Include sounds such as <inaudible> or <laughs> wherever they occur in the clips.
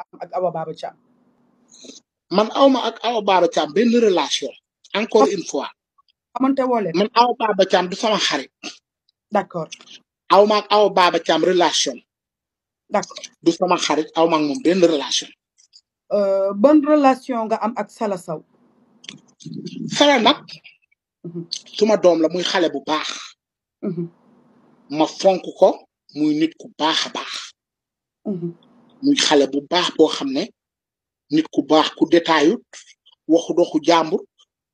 am ak Awa Baba Thiam man awma ak Awa Baba Thiam benn relation encore une fois amante woo leen man Awa Baba Thiam du sama xarit d'accord awma ak Awa Baba Thiam relation d'accord du sama xarit aw ak moom benn relation euh, ban relation nga am ak Sala Sow Sala nag mhm. suma doom la muy xale bu baax mhm. ma fonk ko muy nit ku baax a baax mhm. muy xale bu baax boo xam ne nit ku baax ku détaillut waxu doxu jàmbur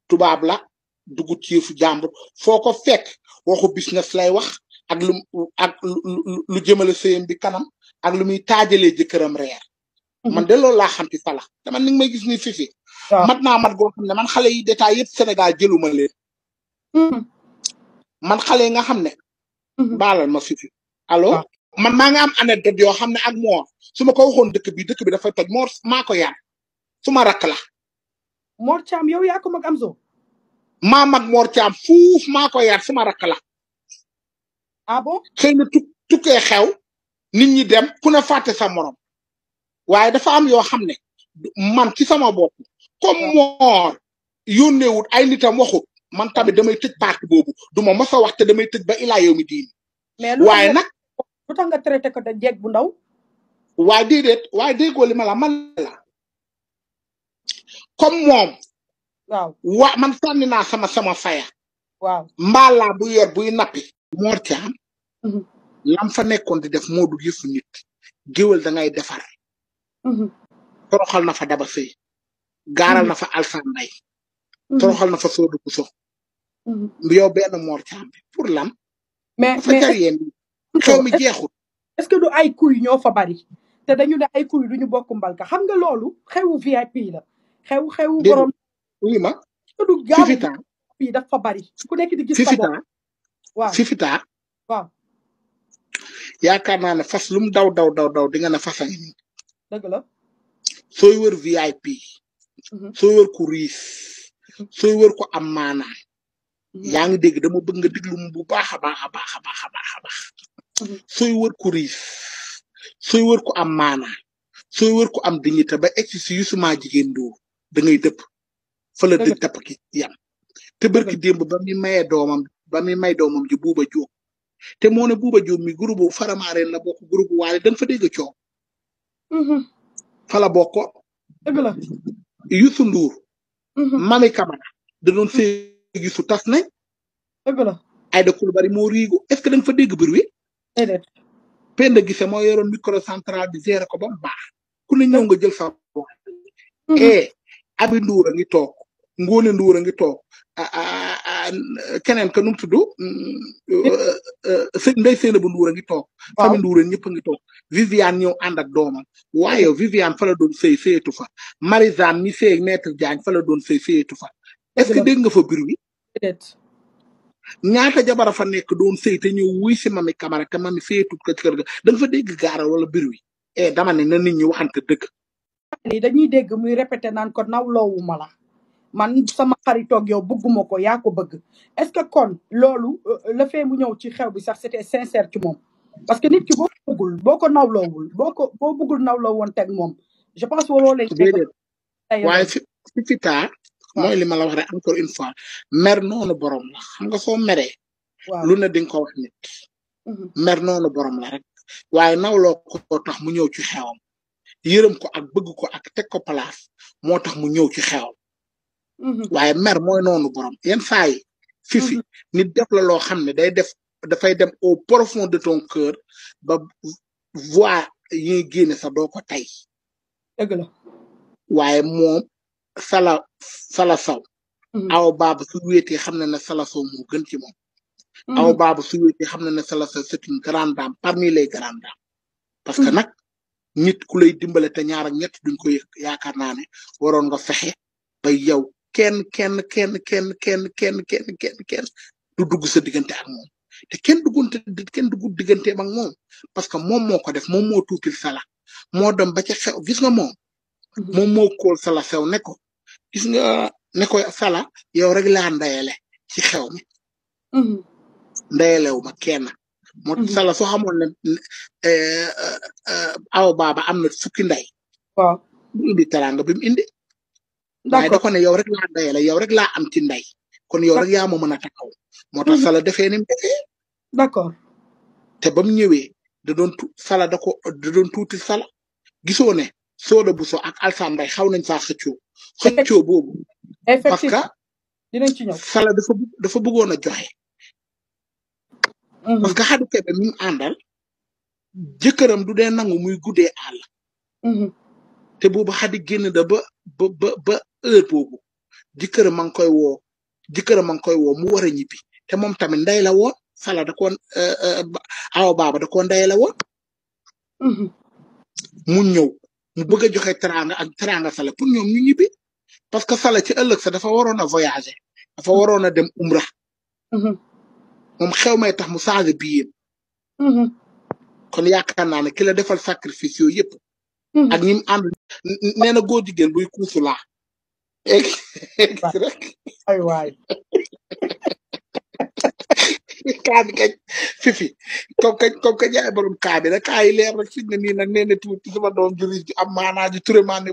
tubaab la dugg ci yëfu jàmbur foo ko fekk waxu business lay wax ak lu ak lu jëmale seyem bi kanam ak lu muy taajalee jëkkëram reer man de loolu laa xam ci fala dama ni may gis ni fifi mat naa mat goo xam ne man xale yi détail yëpp Sénégal jëluma leen man xale nga xam ne baalal ma fifi allo man maa nga am anecdote yoo xam ne ak Mor su ma ko waxoon dëkk bi dëkk bi dafa toj Mor maa ko yar su ma rakk la. Mor Thiam yow yaa ko am Amzo. maa mag moor Thiam fuuf maa ko yar su ma a bo ah bon xëy na xew nit ñi dem ku ne fàtte sa morom waaye dafa am yoo xam ne man ci sama bo comme ne yónneewut ay nitam waxut man tamit damay tëj parti boobu du ma mos a wax te damay tëj ba ilaa yow mi diin. lu tax nga traité ko de jeeg bu ndaw. waaye déedéet waaye déggoo li ma la man la comme moom. wa man sànni naa sama sama faya. waaw mbaala bu yor buy nappi. moo mhm. lam fa nekkoon di def moo du yëfu nit. géwél da ngay defar. Mhm. toroxal na fa daba sëy. gaaral mhm. na fa alsan toroxal na fa soodu kuso. yow benn moor ci am bi pour xew mi jeexul est ce que du ay kuy ñoo fa bari te dañu ne ay kuy duñu bokk mbalka xam nga xewu vip la xew xewu borom oui ma est ce que du gaaw fii dafa bari ku nekk di gis sa bopp waaw fifita waaw yaakaar naa ne fas lum daw daw daw daw di nga ne fasa ngi nii dëgg la sooy wër vip mhm. sooy wër ku riis mhm. sooy wër ko am maanaa mhm. yaa ngi dégg dama bëgg nga mu bu baax a baax a baax a baax a baax sooy wër ku riif sooy wër ku am maana sooy wër ku am dignité ba egsi si yusuma jigéen doo da ngay dëpp fa la dëj ki yam te bërki démb ba muy mayee doomam ba muy may doomam ji buuba jóob te moo ne buuba jóob mi groupe faramaareen la bokk groupe waale dañ fa dégg coow mm-hmm. fala bokko dëgg la Youssou Ndour mm-hmm. Mami Camara da doon mm-hmm. sëy gisu tas nañ dëgg la moo riigu est-ce que fa dégg bir wi déedéet. Penda Guissé moo yoroon microcentral bi gérer ko ba mu baax ku nga jël sa bopp. et Abi Ndour a ngi toog Ngone Ndour a ngi toog keneen ka nu mu tudd. Ndeye mm, euh, euh, Seynabou Ndour ngi toog. waaw Samy Ndour ñëpp a ngi toog. Viviane ñëw ànd ak doomam waaye Viviane fa la doon sëy sëyetu fa mi sëy Maître Diagne fa la doon sëy sëyetu fa. est nga fa biir bi. ñaata jabara fa nekk doon sëy te ñëw wuy si mami Camara te mami seetut ko da fa dégg gaaral wala biir wi e dama na nit ñi waxante dëgg. ni dañuy dégg muy répété naan ko nawloowu ma la man sama xaritoog yow bëgguma ko yaa ko bëgg est-ce que kon loolu euh, le fait mu ñëw ci xew bi sax c'était sincère ci moom. parce que nit ki boo ko bëggul boo ko nawloowul boo ko boo bëggul nawloo woon teg moom je pense waroo leen. déedéet waaye si si mooy li ma la wax rek encore une fois mer noonu borom la xam nga soo meree. lu ne di nga ko wax nit. Mhm. mer noonu borom la rek waaye nawloo ko tax mu ñëw ci xewam yërëm ko ak bëgg ko ak teg ko palaas moo tax mu ñëw ci xewam. Mhm. waaye mer mooy noonu borom yenn saa yi. fifi mhm. nit def la loo xam ne day def dafay dem au profond de ton cœur ba voix yi génne sa doo ko tey. waaye moom sala sala saw mm-hmm. aw baaba su wéetee xam na na sala saw gën ci moom mm-hmm. aw baaba su wéetee xam na na sala saw c'est une grande dame parmi les grandes dames parce que mm-hmm. nag nit ku lay dimbale te ñaar ñett duñ ko yaakaar naa ne waroon nga fexe ba yow kenn kenn kenn kenn kenn kenn kenn du dugg sa diggante ak moom te kenn duggunte kenn duggul digganteem ak moom parce que moom moo ko def moom moo tuutil sala moo dem ba ca xew gis nga moom Mm-hmm. moom moo kóol sala sew ne ko nga ne sala yow rek laa ndayale ci xew mi mm-hmm. ndayalewu ma kenn moo mm-hmm. sala soo xamoon ne eh, eh, eh, aw baaba am na fukki nday waaw du indi teraanga bi mu indi waaye da ne yow rek laa ndayale yow rek laa am ci nday kon yow rek yaa ma mën a taxaw moo tax sala defee ni mu defee d'accord te ba mu ñëwee da doon tu sala da ko da sala gisoo ne Soda Bousso ak Alsaan Mbaye xaw nañ faa xëccoo xëccoo boobu parce que dinañ ci dafa dafa bëggoon a joxe mhm. parce Xadi Kebe mi mu àndal du dee nangu muy guddee àll mhm. te boobu Xadi génn da ba ba ba ba heure boobu jëkkëram ma ngi koy woo jëkkëram ma ngi koy woo mu war a ñibbi te moom tamit ndey la woon Sala da koo eh, eh, awa baaba da koo woon mhm. mu ñëw mu bëgg a joxe teraanga ak teraanga sala pour ñoom ñu ñibbi parce que sala ci ëllëg sa dafa waroon a voyager dafa waroon a dem umra moom xew may tax mu changé bi kon yaakaar naa ne ki la defal sacrifice yooyu yëpp ak ñi ànd nee na góor jigéen buy kuusu laa ay waay <laughs> kaa bi kañ fifi comme que comme que jaay borom kaa bi da kaa yi leer rek fi ne nii nag nee na tuuti sama doom juris ju am maanaa ju turé maa ne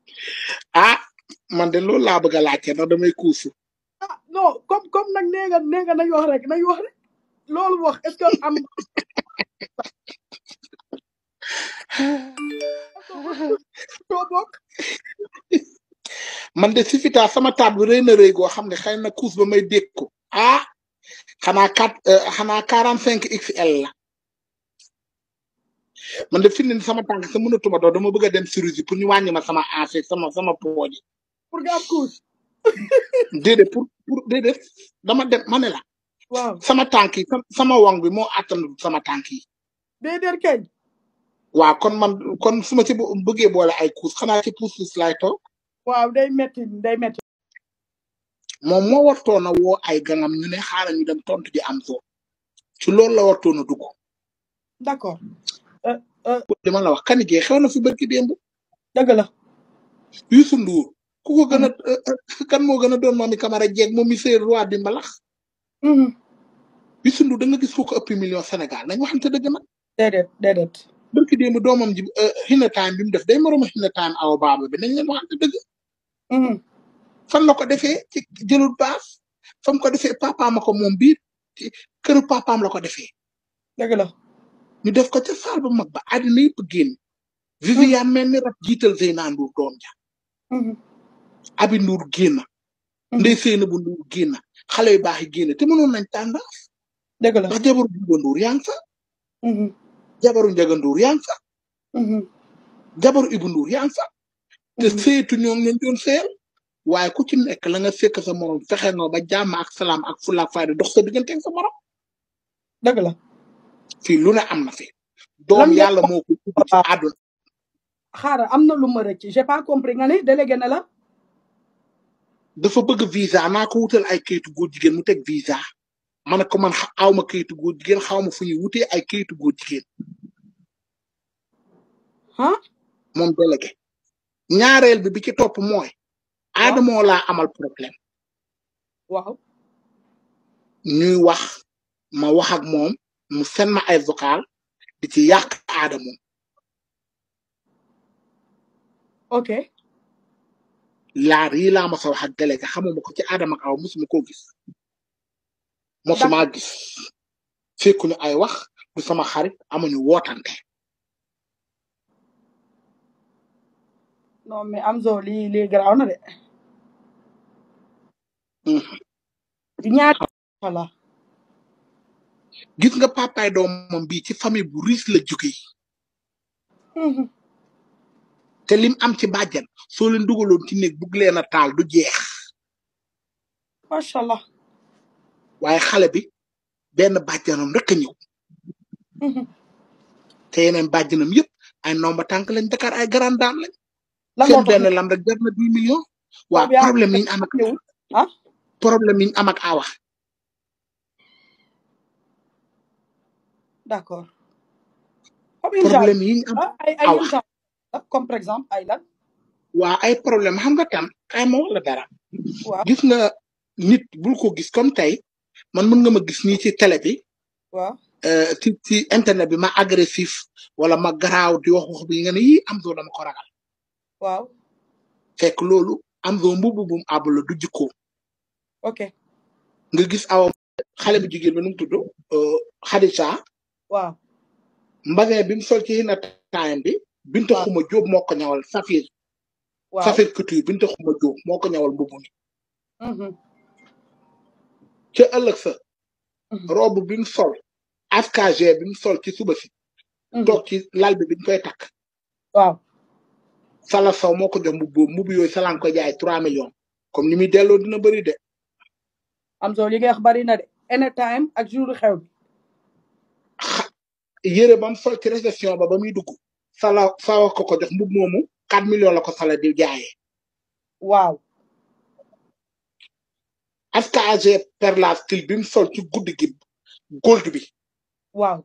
<laughs> ah man de loolu laa bëgg a laajte ndax damay kuusu ah non comme comme nag nee nga nee rek nañ wax rek loolu wax est-ce que am <laughs> man de sufita sama taat bi rëy goo xam ne xëy na couche ba may dégg ko ah xanaa quatre euh, xanaa quarante cinq XL la man de fi mu sama tànk sa mënatuma doon dama bëgg a dem chirurgie pour ñu wàññi ma sama AC sama sama pooj pour nga am couche. <laughs> déedéet pour pour déedéet dama dem ma ne la. waaw sama tànk yi sama wang bi moo àttan sama tànk yi. déedéet kañ. kon man kon su ma ci bëggee boole ay couche xanaa ci pousse pousse laay toog. waaw day metti day metti moom moo wartoon a ay gangam ñu ne xaaral ñu dem ji am soo ci loolu la wartoon a dugg. d'accord. Euh, euh. li ma la wax kan gee xew na fi barki démb. dëgg la. Youssou Ndour ku ko gën a euh, kan moo gën a doon Mami Camara jeeg moom mi sey roi di mbalax. Mm-hmm. Youssou Ndour da nga gis ku ko ëpp million Sénégal nañ waxante dëgg ma déedéet déedéet. barki démb doomam ji xina time bi mu def day moromu xina time awa baaba bi nañ leen waxante Mm-hmm. fan la ko defee ci jëlul baas fam ko defee papaama ko moom biir këru papaam la ko defee dëgg la ñu def ko ca saal bu mag ba àddina yëpp génn viviane mel ni rab jiital zeyna nduur doom ja mm-hmm. abi nduur génn mm-hmm. ndey seen bu nduur génn xale yu baax yi génn te mënoon nañ tendance dëgg la ndax jabaru yaa ngi jabaru njaga fa jabaru yaa ngi fa te seetu ñoom lañ doon seel waaye ku ci nekk la nga fekk sa morom fexe noo ba jàmm ak salaam ak fulla ak fayda dox sa diggante ak sa morom. la. fii lu ne am na fi. doom yàlla moo ko ubbi ci am na lu ma rëcc j'ai pas compris nga ne délégué na la. dafa bëgg visa naa ko wutal ay kayitu góor jigéen mu teg visa ma ne ko man aw ma kayitu góor jigéen xaw ma fu ñuy wutee ay kayitu góor jigéen. ah. moom ñaareel bi bi ci topp mooy. aadamoo laa amal problème. waaw. ñuy wax ma wax ak moom mu sen ma ay vocal di ci yàq aadamoo. ok. laar yi laa mos a wax ak xamuma ko ci aadama ak aw mosuma koo gis. mosuma gis. fekkuñu ay wax du sama xarit amuñu wootante. non mais Amzo lii lii garaaw na de. Mm-hmm. gis nga doom doomam bii ci famille bu riche la jógee. Mm-hmm. te lim am ci bàjjan soo leen dugaloon ci néeg bugg leen a taal du jeex. macha allah. waaye xale bi benn bàjjanam rek a ñëw. Mm-hmm. te yeneen bàjjanam yëpp ay nomba tànk leen Dakar ay grand dame lañ. lan benn lam rek jar na dix millions waa problème yi am ak ah problème yi am ak awa d'accord problème yi am ay ay comme par exemple ay lan waa ay problème xam nga tam kay ma wala dara gis nga nit bul ko gis comme tey man mën nga ma gis nii ci télé bi waaw ci ci internet bi ma agressif wala ma garaaw di wax wax bi nga ne yii am doo dama ko ragal waaw fekk loolu am zo mbubu du jikko ok nga gis awa xale bu jigéen bi nu mu tudd Xadija euh, waaw bi mu sol ci na time bi binta xuma jóob moo ko ñawal safir safir couture binta xuma jóob moo ko ñawal mbubu mi mm-hmm. ca ëllëg sa mm-hmm. robe bi sol askage bim sol ci suba si mm-hmm. toog ci lal bi biñ koy takk waaw Sala Sow moo ko jox mbubb boobu mbubb yooyu Sala nga jaay trois millions comme ni muy delloo dina bëri de. am soo li nga wax bëri na de anytime ak xew bi. yére ba mu sol ci réception ba ba muy dugg Sala Sow ko ko jox mbubb moomu quatre millions la ko Sala di jaayee. waaw. Aska AG perla style bi sol ci guddi gi gold bi. waaw.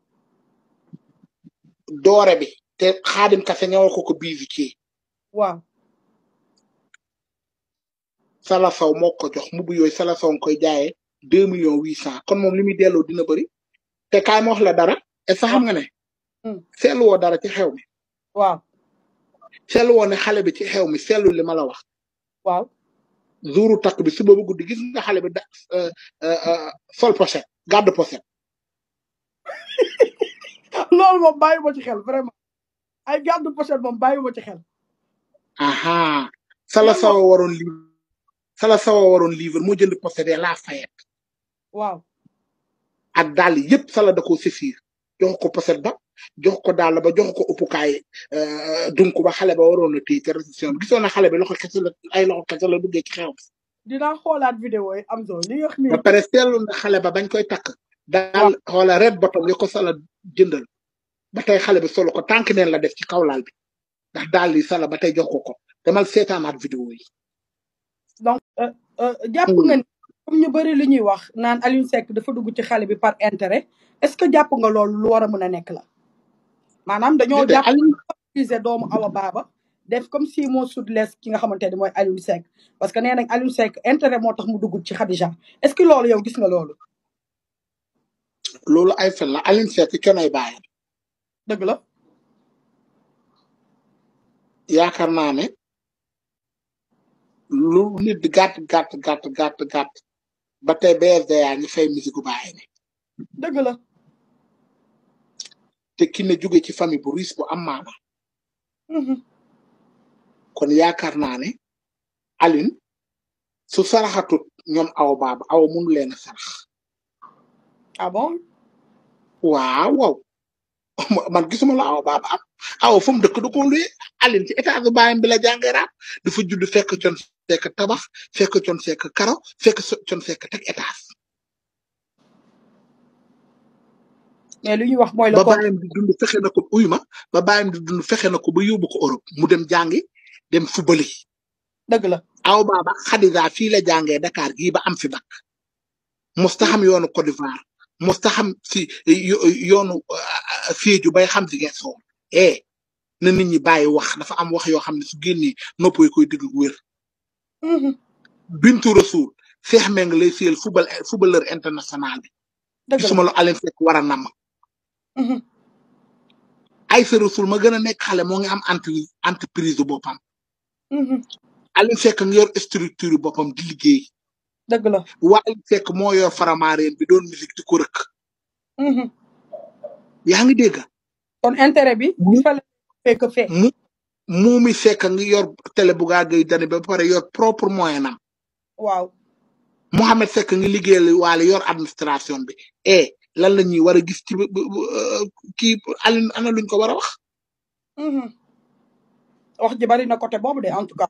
doore bi te xaadim kase ñëwoo ko ko bii ci. waaw. Sala Sow moo ko jox mbubb yooyu Sala Sow koy jaayee deux millions huit cent kon moom li muy delloo dina bëri te kaay ma wax la dara et sax xam nga ne. Hmm. seetlu woo dara ci xew mi. waaw. seetlu woo xale bi ci xew mi seetlu li ma la wax. waaw. zuuru takk bi suba bu guddi gis nga xale bi da euh, euh, euh, sol pochette garde pochette. <laughs> loolu moom bàyyi ma ci xel vraiment ay garde pochette moom bàyyi ma ci xel. aha sala sawa waroon livre sala sawa waroon livre moo jënd possédé la fayette waaw ak daal yëpp sala da koo saisir jox ko possédé ba jox ko daal ba jox ko uppukaay euh, dunk ba xale ba waroon a téye te restitution bi gisoon xale bi loxo kese la ay loxo kese la duggee xoolaat vidéo yi am zo li wax ba xale ba bañ koy takk daal xoola red boto yi ko sala jëndal ba te xale bi solo ko tànk neen la def ci kaw laal bi ndax daal yi sala ba tey jox ko ko demal seetaanaat vidéo yi. donc euh, euh, jàpp mm. nga ni comme ñu bëri li ñuy wax naan Alioune Seck dafa dugg ci xale bi par intérêt est-ce que jàpp nga loolu lu war a mën a nekk la. maanaam dañoo jàpp utiliser doom Awa Baba def comme si moo sud les ki nga xamante ne mooy Alioune Seck parce que nee nañ Alioune Seck intérêt moo tax mu dugg ci Khadija est-ce que loolu yow gis nga loolu. loolu ay fen la Alioune Seck kenn ay bàyyi. dëgg la. yaakaar naa ne lu nit gàtt gàtt gàtt gàtt gàtt ba tey BFDA ñi fay musique bu baaxee ne dëgg la te ki ne jóge ci famille bu riche am maana mhm. kon yaakaar naa ne Aline su saraxatut ñoom aw baaba aw mënu leen a sarax ah bon waaw waaw <laughs> man gisuma la aw baaba am aw fu mu dëkk du ko luye Aline ci état bi baayam bi la jàngee raap judd fekk con fekk tabax fekk con fekk karo fekk con fekk teg état. mais lu wax mooy la ba baayam di dund fexe na ko uy ba ba baayam di dund fexe na ko ba yóbbu ko Europe mu dem jàngi dem fubali. dëgg la aw baaba Khadija fii la jàngee Dakar gii ba am fi bac mos ta xam yoonu Côte d'Ivoire mos ta xam si yoonu euh, Sédhiou bay xam si Ziguinchor. e na nit ñi bàyyi wax dafa am wax yoo xam ne su génnee nopp yi koy digg wér mm-hmm. bintu rasul Cheikh Meng lay seel football footballeur international bi gisuma lu Aline Seck war a namm mm-hmm. Aïssa Rasoul ma gën a nekk xale moo ngi am entreprise entreprise boppam mm-hmm. Aline Seck nga yor structure boppam di liggéey dëgg la waa moo yor faramaareen bi doon musique di ko rëkk yaa ngi dégg kon intérêt bi hmm? fa la fekk fee hmm? mumi sekk nga yor télé bu ga gëy dañ ba paré yor propre moyen am waaw mohammed sekk nga liggéeyal walé yor administration bi é eh, lan la ñuy war gis ci euh, ki alin ana luñ ko wara wax hmm wax ji bari na côté bobu dé en tout cas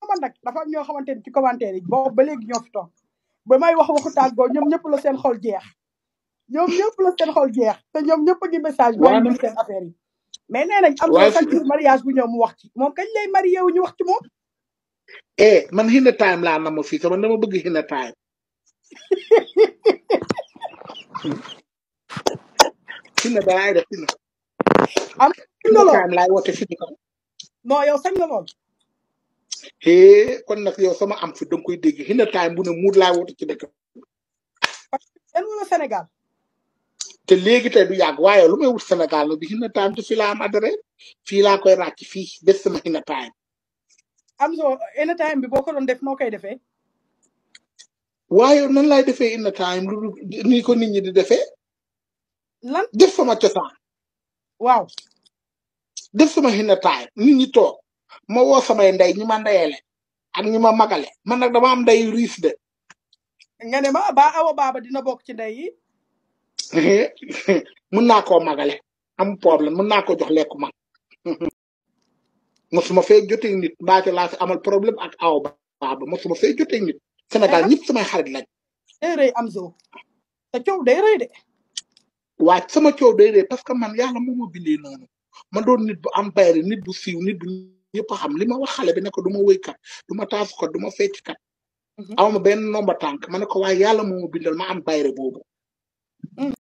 dama nak dafa am ñoo xamante ci commentaire bi bo ba légui ñoo fi tok ba may wax waxu tàggoo ñom ñëpp la seen xol jeex ñoom ñëpp la seen xol jeex te ñoom ñëpp a ngi message. mais nee nañ am bu ñëw mu wax ci moom kañ lay marié wu ñu wax ci moom. eh man hinna time laa na ma fii sama dama bëgg hinna time. <laughs> hinna da laay def hinna. na loolu woote yow sañ nga kon nag yow sama am fi danga koy dégg hinna time bu ne muur laay woote ci dëkk. parce que Sénégal. te léegi tey du yàgg waaye lu may wut Sénégal nag bi Hinna a te fii laa am adresse fii koy ràcc fii des sama Hinna Time. am so Hinna Time bi boo ko doon def noo koy defee. waaye na laay defee Hinna Time lu ni ko nit ñi di defe lan def sama cosaan. waaw. def sama Hinna Time nit ñi toog ma woo samay ndey ñi ma ndeyale ak ñi ma magale man nag dama am nday riis de. nga ma ba awa baaba dina bokk ci ndey yi. <laughs> mun naa koo magale am problème mun naa ko jox lekku mag <laughs> mosuma fee jotee nit mbaate laa si amal problème ak aw baaba mosuma fee jotee nit Sénégal ñëpp samay xarit lañ. day rëy am zo sa coow day rëy de. waa sama coow day rëy parce que man yàlla moo ma bindee noonu ma doon nit bu am bayre nit bu siiw nit bu ñëpp xam li ma wax xale bi ne ko du ma wéykat du ma taasukat du ma fecckat. Mhm. aw ma benn nomba tànk ma ne ko waaye yàlla moo ma bindal ma am bayre boobu. Mm.